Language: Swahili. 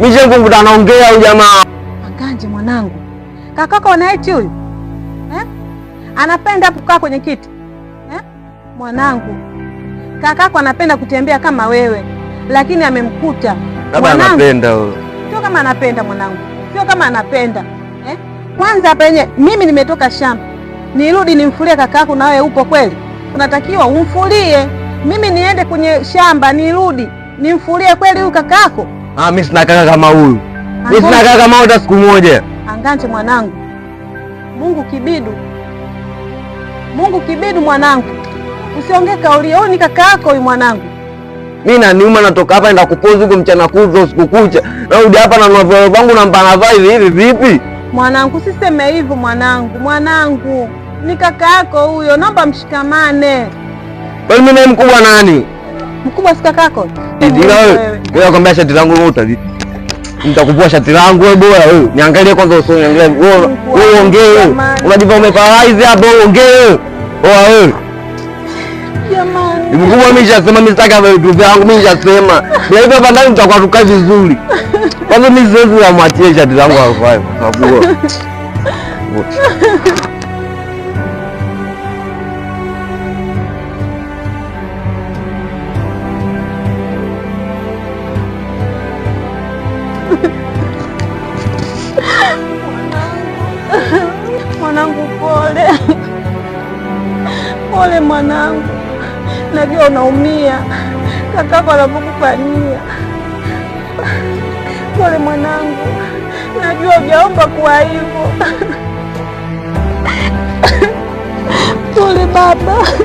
Mijengo ndo anaongea huyu jamaa. Maganje mwanangu, kakako eti huyu eh? Anapenda kukaa kwenye kiti eh? Mwanangu, kakako anapenda kutembea kama wewe, lakini amemkuta anapenda huyo. Sio kama anapenda mwanangu, sio kama anapenda eh? Kwanza hapa yenye mimi nimetoka shamba nirudi nimfulie kakako, na wewe upo kweli? Unatakiwa umfulie. Mimi niende kwenye shamba nirudi nimfulie kweli huyu kakako? Ah, mimi sina kaka kama huyu. Mimi sina kaka kama huyu hata siku moja. Anganje mwanangu. Mungu kibidu. Mungu kibidu mwanangu. Usiongee kauli hiyo, ni kaka yako huyu mwanangu. Mimi naniuma natoka hapa naenda kupozi huko mchana kuzo siku kucha. Narudi hapa na mavazi yangu na mpana vaa hivi vipi? Mwanangu, siseme hivyo mwanangu. Mwanangu, ni kaka yako huyo, naomba mshikamane. Kwani mimi mkubwa nani? mkubwa kako. si kakako. Nakwambia shati langu nitakuvua shati langu wewe, bora wewe niangalie kwanza, usiniangalie wewe, ongee. Unajua umeparalyze hapo, ongee oa wewe. Jamani, mkubwa mimi nishasema, mimi sitaki vitu vyangu, mimi nishasema na hivyo hapa ndani tutakuwa tukae vizuri. Kwanza mimi siwezi kumwachia shati langu hapo, kwa sababu Mwanangu, pole pole mwanangu, najua unaumia kakako anapokufanyia. Pole mwanangu, najua ujaomba kuwa hivyo. Pole baba.